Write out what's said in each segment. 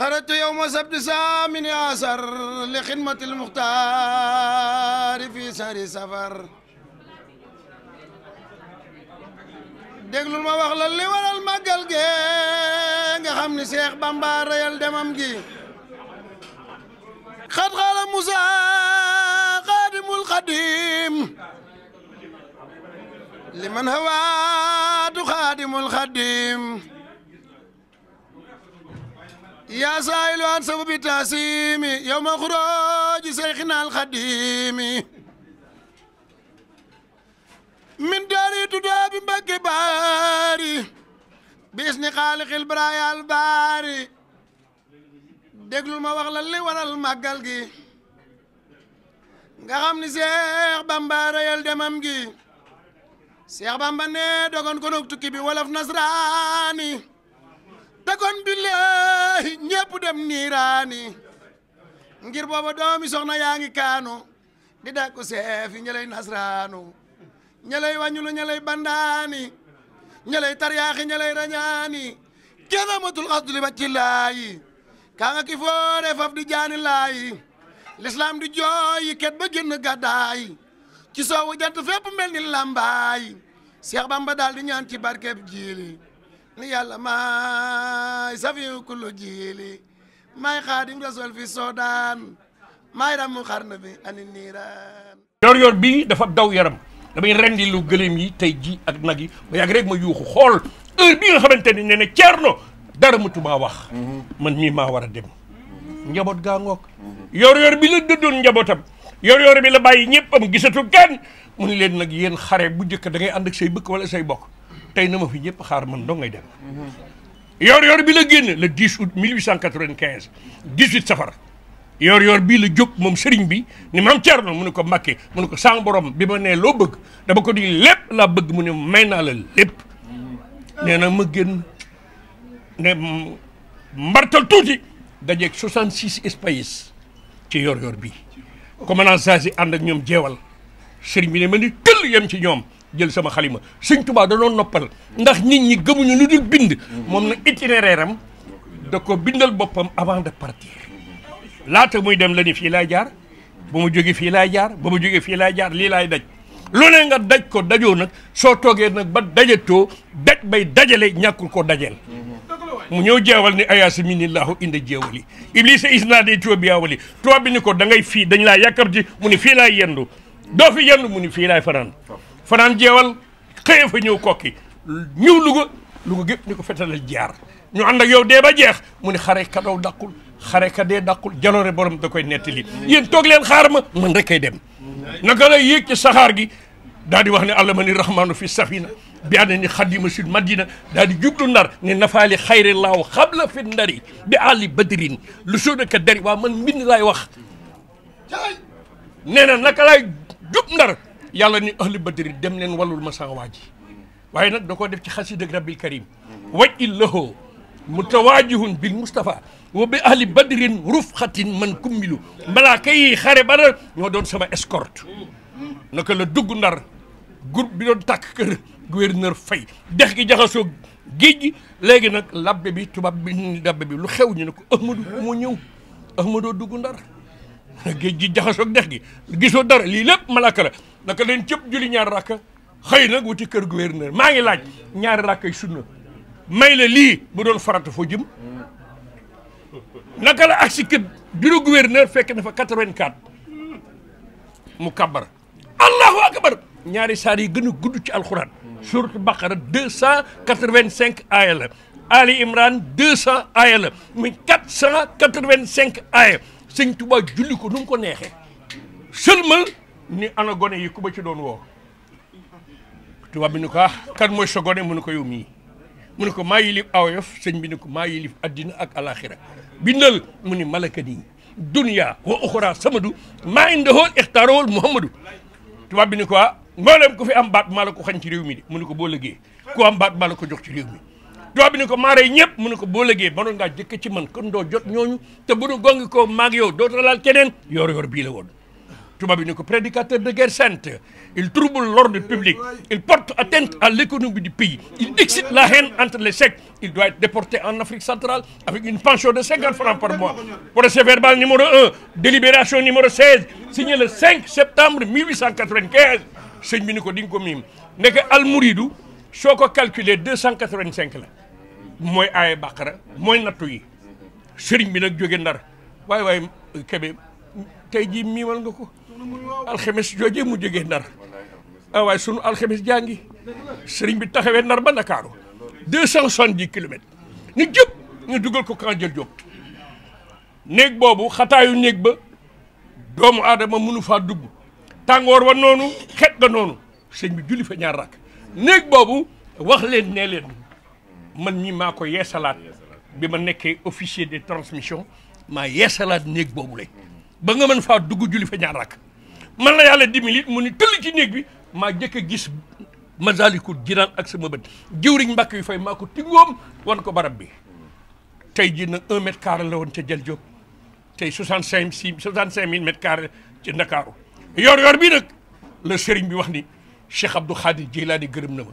xaratu yowma sabti saamini asar li xidmati lmuxtaari fii sari safar déglul ma wax la li waral màggal ge nga xam ni Seex Bamba rayal demam gi xat xaala Musa xaadimul xadim li man hawaatu xaadimul xadim يا سائل عن سبب التعسيم يوم خروج شيخنا الخديم من داري تداب بك باري باسم خالق البرايا الباري déglul ma wax la li waral màggal gi nga xam ni Seex Bamba reyal demam gi Seex Bamba ne dogon ko nag tukki bi nasraani te kon billaahi ñépp dem niiraani ngir booba doomi soxna yaa ngi kaanu di dàkku seefi ña lay nasraanu ña lay wàññulu ña lay bandaani ña lay taryaaxi ña lay rañaani jazamatul xasdu li bacci laayi kaa ki foore faf di jaani laayi lislaam di jooyi ket ba génn gàddaayi ci soowu jant fépp mel ni làmbaayi Seex Bamba daal di ñaan ci barkeb jiili ni yàlla maay safiyu kullu jiili maay xaadim rasul fi soodaan maay ramu xarna bi ani niiraan yor yor bi dafa daw yaram damay rendi lu gëléem yi tey ji ak nag yi ba yàgg rek ma yuuxu xool heure bi nga xamante ni ne ne ceerno dara mutuma wax man mii maa war a dem njaboot gaa ngoog yor yor bi la dëddoon njabootam yor yor bi la bàyyi ñëpp am gisatu kenn mu ni leen nag yéen xare bu njëkk da ngay ànd ak say bëkk wala say bokk tey na ma fi ñëpp xaar man dong ngay dem. yor-yor bi la génn le 10 août 1895 18 safar yor-yor bii la jóg moom sëriñ bi ni maam Thierno mu ne ko Mbàkke mu ne ko sang borom bi ma nee loo bëgg dama ko di lépp laa bëgg mu ne may naa la lépp nee na ma génn ne mbartal tuuti dajeeg 66 espaces ci yor-yor bi commandant Saasi ànd ak ñoom jeewal sëriñ bi ne ma ni tëll yem ci ñoom. jël sama xalima sëñ Tuubaa danoon noppal ndax nit ñi gëmuñu lu bind moom nag itinéraire am da ko bindal boppam avant de partir laata muy dem la fii laay jaar ba mu jóge fii laay jaar ba mu jóge fii laay jaar lii laay daj lu ne nga daj ko dajoo nag soo toogee nag ba dajatoo daj bay dajale ñàkkul ko dajeel mu ñëw jeewal ni ayaasi minillahu inda jeewali iblisa isnaade tiobiyaawali tubaab bi ni ko da ngay fii dañ laa yàkkamti mu ni fii laay yendu doo fi yendu mu ni fii laay fanaan fanaan jeewal xëye fa ñëw kokki ñëw Louga Louga gépp nu ko fetalal jaar ñu ànd yow dee ba jeex mu ne xare ka daqul dàqul xare ka dee dàqul jaloore borom da koy nettali yéen toog leen xaar ma man rek kay dem naka la yéeg ci saxaar gi daal di wax ne allah ma ni rahmaanu fi safina bi ànd ni xadima sud madina daal di jublu ndar ne nafaali xayri laaw xabla fi ndari bi àlli badrin lu soodaka dari waa man mbind laay wax nee na naka laay jub ndar yàlla ni ahli badri dem leen walul ma sax waa ji waaye nag da koo def ci xasida rabbil karim waj il lahoo mutawaajihun bil Mustafa wa bi ahli badrin rufxatin man kummilu malaaka yi xare bara ñoo doon sama escorte naka la dugg ndar groupe bi doon tàkk kër gouverneur Faye dex gi jaxasoo géej gi léegi nag labbe bi tubaab bi labbe bi lu xew ñu ne ko Ahmadou moo ñëw Ahmadou dugg ndar géej gi jaxasoo dex gi gisoo dara lii lépp malaaka la naka leen cëpp julli ñaari rakka xëy nag wuti kër gouverneur maa ngi laaj ñaari rakka yi sunna may la lii bu doon farata foo jëm naka la agsi kër bureau gouverneur fekk na fa 84 mu kabbar allahu akbar ñaari saar yi gën gudd ci alxuraan surat baqara 285 aaya la ali imran 200 aaya la muy 485 aaya sëñ Tuubaa julli ko nu mu ko neexee seulement ni ana gone yi ku ci doon woo tubaab bi ni ko ah kan mooy sa gone mu ne ko yow mii mu ne ko maa yilif awoyof sëñ bi ni ko maa yilif addina ak alaxira bindal mu ni malaka nii dunya wa uxra samadu maa indahool ixtaarowol muhammadu tubaab bi ni ko ah mboolem ku fi am baat maa la ko xañ ci réew mi de mu ne ko boo lëggee ku am baat maa la ko jox ci réew mi tubaab bi ni ko maare ñëpp mu ne ko boo lëggee mënoon ngaa jëkk ci man kon doo jot ñooñu te bu nu gongi koo maag yow doo talaal keneen yoor yoor woon tubaab yi ne ko prédicateur de guerre sainte il trouble l'ordre public il porte atteinte à l'économie du pays il excite la haine entre les sectes il doit être déporté en Afrique centrale avec une pension de 50 francs par mois procès verbal numéro 1 délibération numéro 16 signé le 5 septembre 1895 sëñ bi ni ko di nga ko miim la mooy aaye bàqara mooy nattu yi sëriñ bi nag jóge ndar waaye waaye kebe tey jii miimal nga ko alxemes joojee mu jógee ndar ah sunu alxemes jaa ngi sëriñ bi taxawee ndar ba Ndakaaru deux cent soixante-dix kilomètres ni jëpp ñu dugal ko kan jël jóg néeg boobu xataayu néeg ba doomu aadama mënu faa dugg tàngoor wa noonu xet ga noonu sëñ bi julli fa ñaar rakk néeg boobu wax leen nee leen man ñii maa ko yeesalaat bi ma nekkee officier de transmission maa yeesalaat néeg boobu lay ba nga mën faa dugg julli fa ñaar rakk man la yàlla dimbalit mu ni tëll ci néeg bi maa jëkk a gis Masaalikul Jinaan ak sama bët jëwriñ mbàkk yu fay ma ko tingoom wan ko barab bi tey jii nag un mètre carré la woon ca jël Diop tey soixante cinq six soixante cinq mille mètres carré ci Ndakaaru yor-yor bi nag le sëriñ bi wax ni Cheikh Abdou Khadir Jeylaani gërëm na ma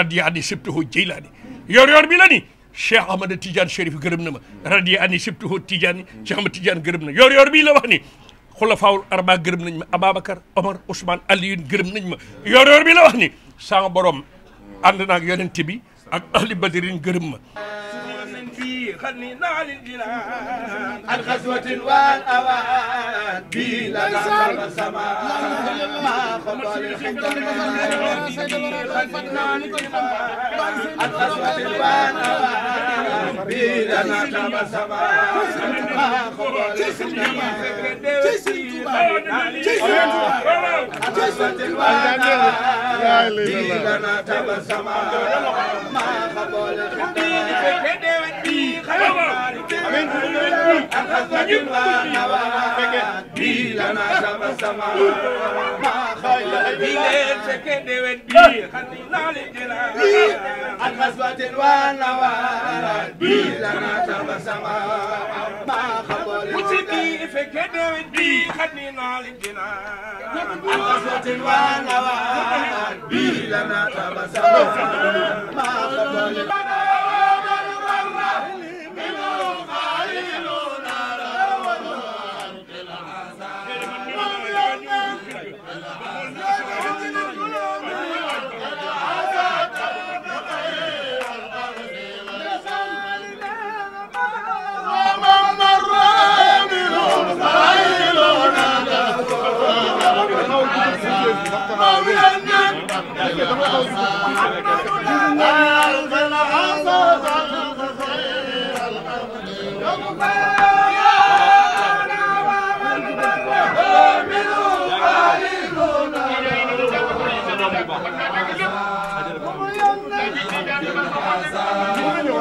radiya ani sibtuhu Jeylaani yor-yor bi la ni Cheikh Ahmada Tidiane Chérif gërëm na ma radiya ani sibtuhu Tidiane Cheikh Ahmada Tidiane gërëm na yor-yor bii la wax ni xulafaawul arbaa gërëm nañ ma Ababacar Omar Ousmane Alioune gërëm nañ ma yor-yor bi la wax ni sama borom ànd naag yonent bi ak ahli badirin gërëm ma. خلينا للجنان عن غزوة والأوان بي لنا السماء ما خطر الخدم خلينا للجنان عن غزوة والأوان بي لنا السماء ما خطر الخدم عن غزوة والأوان بي لنا السماء ما خطر الخدم نجم بي لنا سما سما ما خيل بي سكن دوين بي خلينا لجنا عن غزوة والنوال بي لنا سما سما ما خبر وتبي فكن دوين بي خلينا لجنا عن غزوة والنوال بي لنا سما سما ما خبر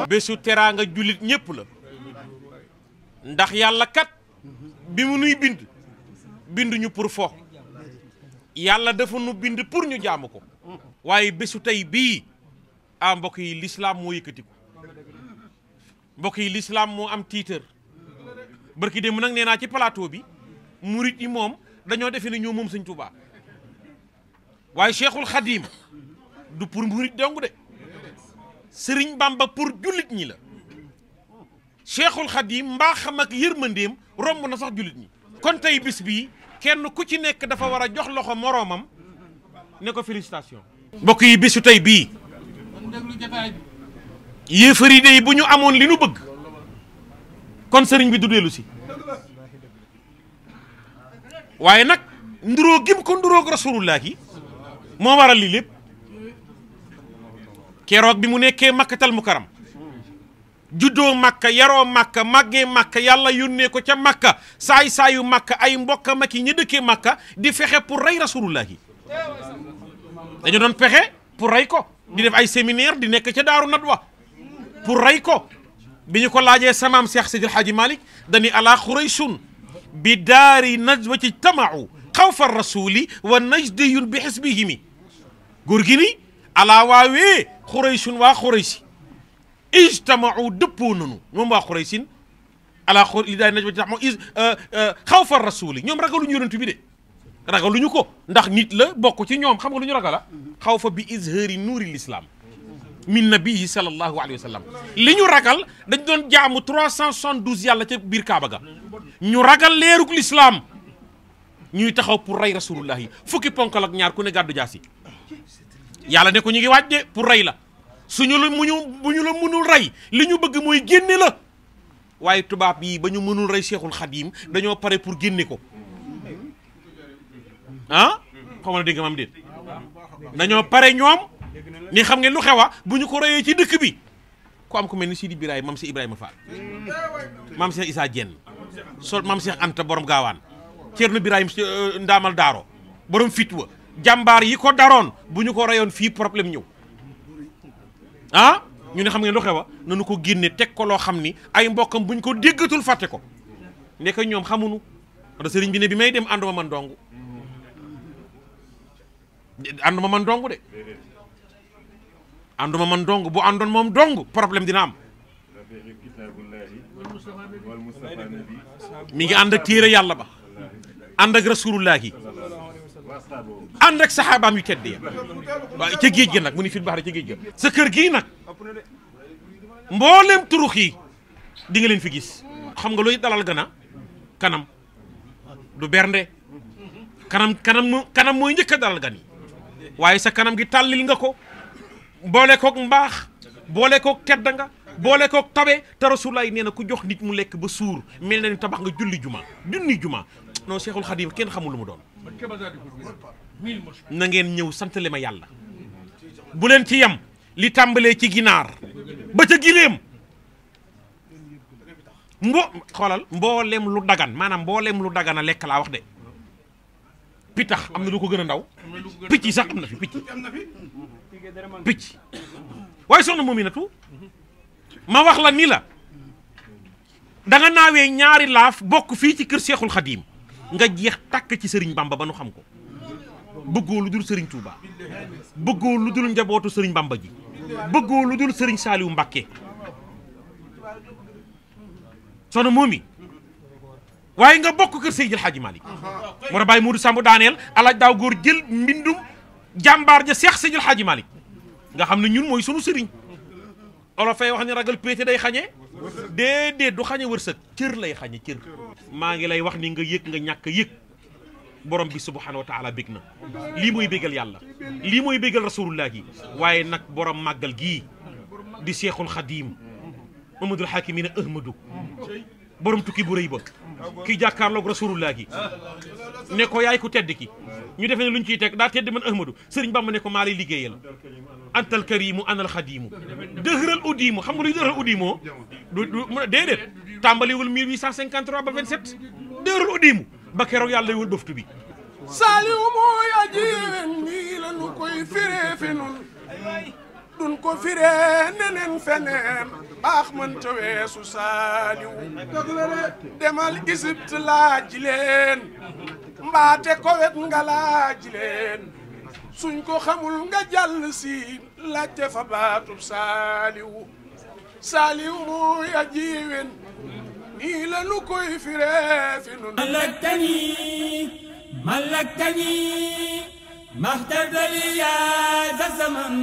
bésu teraanga jullit ñépp la ndax yàlla kat bi mu nuy bind binduñu pour fo yàlla dafa nu bind pour ñu jaamu ko waaye bésu tey bii ah mbokk yi lislaam moo yëkkatiku mbokk yi lislaam moo am tiitër barki démb nag nee naa ci palaato bi murit yi moom dañoo defe nañu moom sëñ Tuubaa waaye Cheikhul Khadim du pour murit dong de Sëriñ Bamba pour jullit ñi la Cheikhul Khadim mbaaxam ak yërmandeem romb na sax jullit ñi kon tey bis bii kenn ku ci nekk dafa war a jox loxo moroomam ne ko félicitation mbokk yi bésu tey bii yéefar yi bu ñu amoon li nu bëgg kon sëriñ bi du dellusi waaye nag nduróo gim ko nduróog rasulullah yi moo waral lii lépp keroog bi mu nekkee makkatal mukaram juddoo makka yaroo makka màggee makka yàlla yónnee ko ca makka saay saayu makka ay mbokka maki ñi dëkkee makka di fexe pour rey rasulullah yi dañu doon pexe pour rey ko di def ay séminaire di nekk ca daaru nadwa pour rey ko bi ñu ko laajee samaam Cheikh Sidil Hadji Malick dañi ala xuraysun bi daari najwa ci tamaau xawfa rasuli wa najdiyun bi xisbihimi gi ni alaa waawee xuraysun waa xuraysi ijtamaau dëppoo nanu ñoom waa xuraysin ala xur li daari najwa ci tamaau euh, euh, xawfa rasuli ñoom ragaluñu yonent bi de ragaluñu ko ndax nit la bokk ci ñoom xam nga lu ñu ragala mm-hmm. xaw fa bi izhari nuuril islam min nabiyi sallallahu alayhi wa sallam li ñu ragal dañ doon jaamu trois cent soixante-douze yàlla ca biir kaaba ga ñu ragal leeruk lislaam ñuy taxaw pour rey rasulullah yi fukki ponkal ak ñaar ku ne gàddu jaas yi yàlla ne ko ñu ngi waaj de pour rey la su suñu la muñu mu ñu la mënul rey li ñu bëgg mooy génne la waaye tubaab yi ba ñu mënul rey cheikhul xadim dañoo pare pour génne ko ah xaw ma dégg maam déet dañoo pare ñoom ni xam ngeen lu xew a bu ñu ko royee ci dëkk bi ku am ku mel ni Sidi Biraay maam si Ibrahima Fall maam Cheikh isaa Diène sol maam Cheikh Anta borom gaawaan Ceerno Biraay euh, ndaamal daaro borom fit wa jàmbaar yi ko daroon bu ñu ko rayoon fii problème ñëw ah ñu ne xam ngeen lu xew a nanu ko génne teg ko loo xam ni ay mbokkam bu ñu ko déggatul fàtte ko ndeke ñoom xamuñu sëriñ bi ne bi may dem ànduma man dong ma man dong de ànduma man dong bu àndoon moom dong problème dina am mi ngi ànd ak yàlla ba ànd ak rasulullahi ànd géej ga nag mu ni ca géej sa kër gii nag mboolem turux yi di nga fi gis xam nga looy dalal gana a kanam du bernde kanam kanam kanam mooy njëkk a dalal gan waaye sa kanam gi tàllil nga ko boole koog mbaax boole koog tedd nga boole koog tabe te rasulaay nee na ku jox nit mu lekk ba suur mel na ni tabax nga julli jumaa junni juma non Cheikhul Khadim kenn xamul lu mu doon na ngeen ñëw santale ma yàlla bu leen ci yem li tàmbalee ci ginaar ba ca gileem mboo xoolal mbooleem lu dagan maanaam mbooleem lu dagan a lekk laa wax de pitax am na lu ko gën a ndaw picc yi sax am na fi picc picc waaye soxna Mominatou ma wax la ni la danga naawe ñaari laaf bokk fii ci kër Seexul Xadiim nga jeex tàkk ci Sëriñ Bamba ba nu xam ko bëggoo lu dul Sëriñ Tuuba bëggoo lu dul njabootu Sëriñ Bamba ji bëggoo lu dul Sëriñ Saaliwu Mbàkke soxna Momi waaye nga bokk kër Seydil Hadji Malick uh-huh. moo a bàyyi Modou Samb daaneel alaaj daaw góor jël mbindum jàmbaar ja seex Seydil Hadji Malick nga xam ne ñun mooy sunu sëriñ olo fay wax ne ragal péete day xañee déedéet du xañe wërsëg cër lay xañe cër maa ngi lay wax ni nga yëg nga ñàkk yëg borom bi subhanahu wa taala bég na lii mooy bégal yàlla lii mooy bégal rasulullah gi waaye nag borom màggal gi di seexul xadiim mamadul xaakim yi borom tukki bu rëy ba ki jàkkaarloog rasulullah gi ne ko yaay ku tedd ki ñu defee ne lu ñu ciy teg daa tedd man ahmadou sëriñ bamba ne ko maa lay liggéeyal antal karimu anal xadimu dëxëral uddiimu xam nga luy dëxëral uddiimoo du du déedéet tàmbaliwul 1853 ba 27 dëxëral uddiimu ba keroog yàlla wul doftu bi ko firee feneen baax mënta weesu saaliw demal Égypte laaj leen mbaate kowet nga laaj leen suñ ko xamul nga jàll si laajte fa baatub saaliw saaliw mooy a jiwin nii la nu koy firee fi nun malaktani malaktani maxtadali yaa za zaman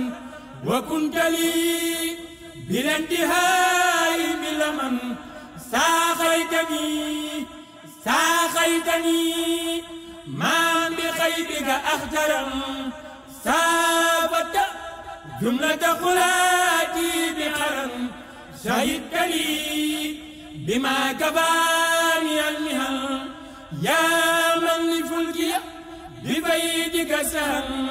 وكنت لي بلا انتهاء بلا من ساخيتني ساخيتني ما بخيبك أخجرا سابت جملة خلاتي بقرن شهدتني بما كفاني المهن يا من لفلكي ببيتك سهل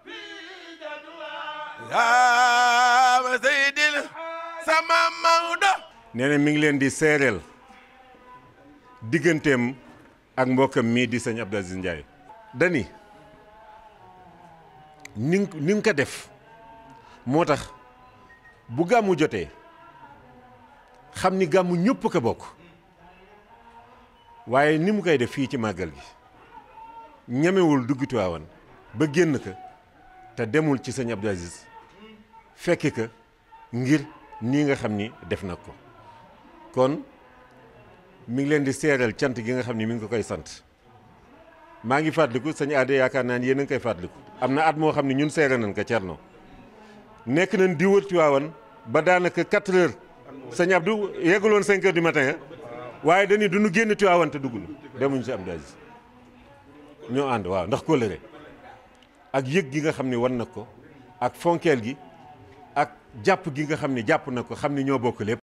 wa saydil sama mawdo nee na mi ngi leen di seereel digganteem ak mbokkam mii di sëñ Abdou Aziz dani ni ni ko def moo tax bu gàmmu jotee xam ni gàmmu ñëpp ko bokk waaye ni mu koy def fii ci màggal gi ñemewul dugg ba génn ko te demul ci sëñ Abdou fekki ka ngir nii nga xam ni def na ko kon mi ngi leen di seeral cant gi nga xam ni mi ngi ko koy sant maa ngi fàttaliku sañ aade yaakaar naa ni yéen a ngi koy fàttaliku am na at moo xam ne ñun seere nañ ko Cerno nekk nañ di wër Tiwaawan ba daanaka 4 heures sañ Abdou yeggul woon 5 heures du matin ah. waaye dañuy du ñu génn Tiwaawan te dugg na demuñu si Abdou Aziz ñoo ànd waaw ndax kóllëre ak yëg gi nga xam ni wan na ko ak fonkeel gi jàpp gi nga xam ne jàpp na ko xam ne ñoo bokk lépp